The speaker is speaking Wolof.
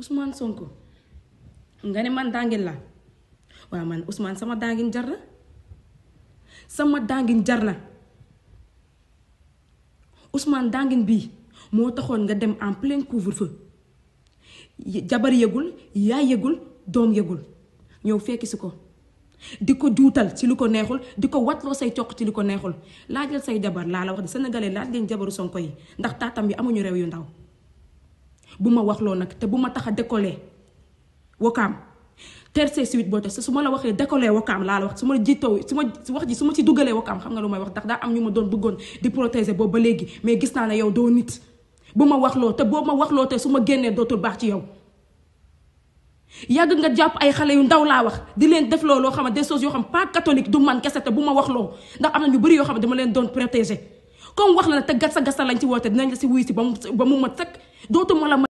Ousmane Sonko nga ne man dangin la waaw man Ousmane sama dangin jar na sama dangin jar la Ousmane dangin bii moo taxoon nga dem en plein couvre-feu jabar yëgul yaay yëgul doom yëgul ñëw fekki si ko di ko juutal ci lu ko neexul di ko watloo say coq ci lu ko neexul laajal say jabar laa la wax de sénégalais laaj leen jabaru Sonko yi ndax taatam bi amuñu réew yu ndaw bu ma wax loo nag te bu ma tax a décoller wakaam terce suite boo te su ma la waxee décoller wakaam laa la wax su ma jiitoo su ma wax ji su ma ci dugalee wakaam xam nga lu may wax ndax daa am ñu ma doon bëggoon di protégé boobu ba léegi mais gis naa ne yow doo nit bu ma wax loo te boo ma loo te su ma génnee dootul baax ci yow yàgg nga jàpp ay xale yu ndaw laa wax di leen def loo loo xam ne des yoo xam pas catholique du man kese te bu ma wax loo ndax am na ñu bëri yoo xam ne dama leen doon protéger comme wax la ne te gasa gasa lañ ci woote dinañ si ba mu ba mu mat